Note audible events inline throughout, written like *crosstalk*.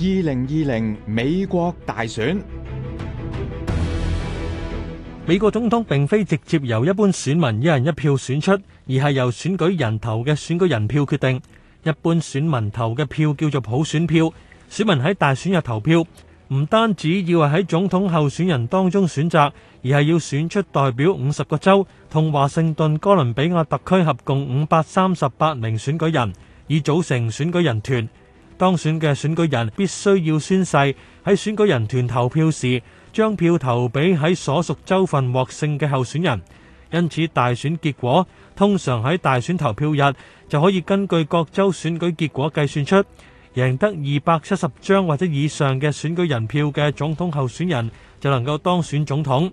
二零二零美國大選，美國總統並非直接由一般選民一人一票選出，而係由選舉人投嘅選舉人票決定。一般選民投嘅票叫做普選票，選民喺大選日投票，唔單止要係喺總統候選人當中選擇，而係要選出代表五十個州同華盛頓哥倫比亞特區合共五百三十八名選舉人，以組成選舉人團。當選嘅選舉人必須要宣誓喺選舉人團投票時，將票投俾喺所屬州份獲勝嘅候選人。因此，大選結果通常喺大選投票日就可以根據各州選舉結果計算出，贏得二百七十張或者以上嘅選舉人票嘅總統候選人就能夠當選總統。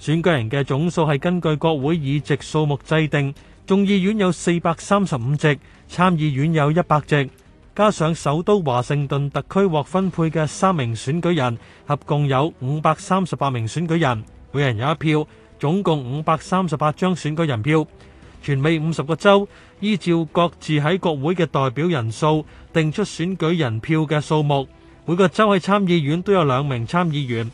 選舉人嘅總數係根據國會議席數目制定。眾議院有四百三十五席，參議院有一百席，加上首都華盛頓特區獲分配嘅三名選舉人，合共有五百三十八名選舉人，每人有一票，總共五百三十八張選舉人票。全美五十個州依照各自喺國會嘅代表人數，定出選舉人票嘅數目。每個州喺參議院都有兩名參議員，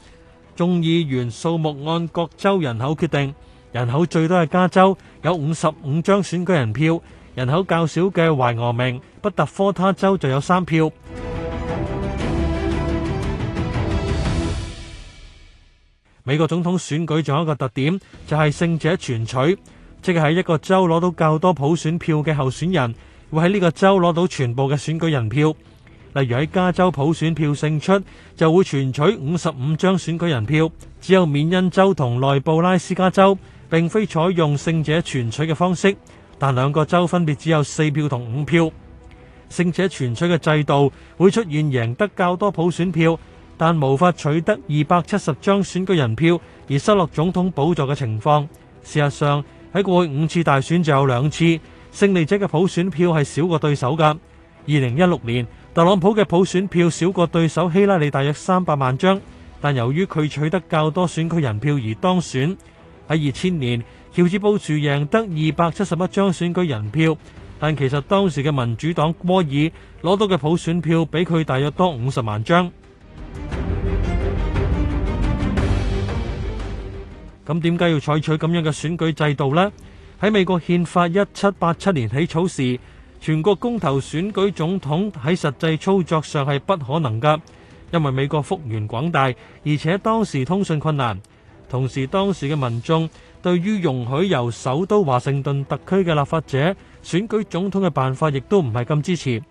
眾議員數目按各州人口決定。人口最多嘅加州有五十五張選舉人票，人口較少嘅懷俄明、北達科他州就有三票。美國總統選舉仲有一個特點，就係、是、勝者全取，即係喺一個州攞到較多普選票嘅候選人，會喺呢個州攞到全部嘅選舉人票。例如喺加州普選票勝出，就會全取五十五張選舉人票。只有緬因州同內布拉斯加州，並非採用勝者全取嘅方式，但兩個州分別只有四票同五票。勝者全取嘅制度會出現贏得較多普選票，但無法取得二百七十張選舉人票而失落總統寶座嘅情況。事實上喺過去五次大選就有兩次勝利者嘅普選票係少過對手㗎。二零一六年特朗普嘅普選票少過對手希拉里，大約三百萬張，但由於佢取得較多選舉人票而當選。喺二千年，喬治布殊贏得二百七十一張選舉人票，但其實當時嘅民主黨戈爾攞到嘅普選票比佢大約多五十萬張。咁點解要採取咁樣嘅選舉制度呢？喺美國憲法一七八七年起草時，全國公投選舉總統喺實際操作上係不可能噶，因為美國幅員廣大，而且當時通訊困難。同時當時嘅民眾對於容許由首都華盛頓特區嘅立法者選舉總統嘅辦法，亦都唔係咁支持。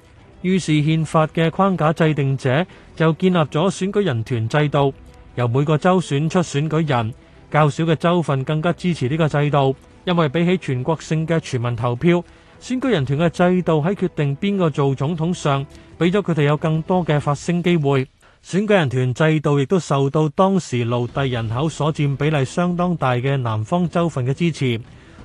於是憲法嘅框架制定者就建立咗選舉人團制度，由每個州選出選舉人。較少嘅州份更加支持呢個制度，因為比起全國性嘅全民投票，選舉人團嘅制度喺決定邊個做總統上，俾咗佢哋有更多嘅發聲機會。選舉人團制度亦都受到當時奴隸人口所占比例相當大嘅南方州份嘅支持。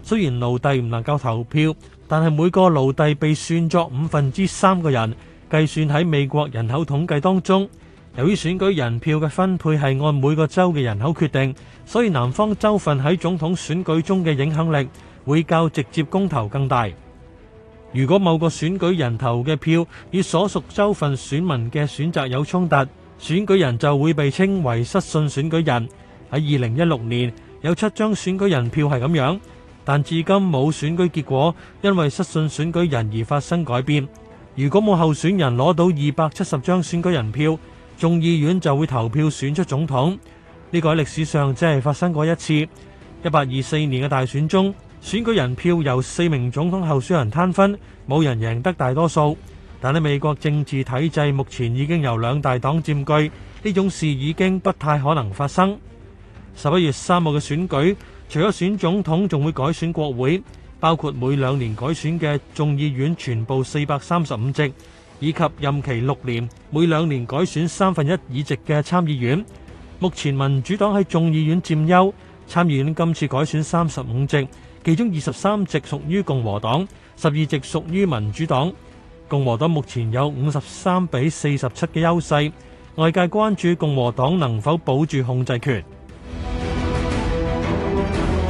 雖然奴隸唔能夠投票，但係每個奴隸被算作五分之三個人，計算喺美國人口統計當中。由於選舉人票嘅分配係按每個州嘅人口決定，所以南方州份喺總統選舉中嘅影響力會較直接公投更大。如果某個選舉人投嘅票與所屬州份選民嘅選擇有衝突，選舉人就會被稱為失信選舉人。喺二零一六年有七張選舉人票係咁樣，但至今冇選舉結果因為失信選舉人而發生改變。如果冇候選人攞到二百七十張選舉人票，眾議院就會投票選出總統。呢個喺歷史上只係發生過一次，一八二四年嘅大選中，選舉人票由四名總統候選人攤分，冇人贏得大多數。但喺美國政治體制，目前已經由兩大黨佔據，呢種事已經不太可能發生。十一月三號嘅選舉，除咗選總統，仲會改選國會，包括每兩年改選嘅眾議院全部四百三十五席，以及任期六年，每兩年改選三分一議席嘅參議院。目前民主黨喺眾議院佔優，參議院今次改選三十五席，其中二十三席屬於共和黨，十二席屬於民主黨。共和黨目前有五十三比四十七嘅優勢，外界關注共和黨能否保住控制權。 *noise*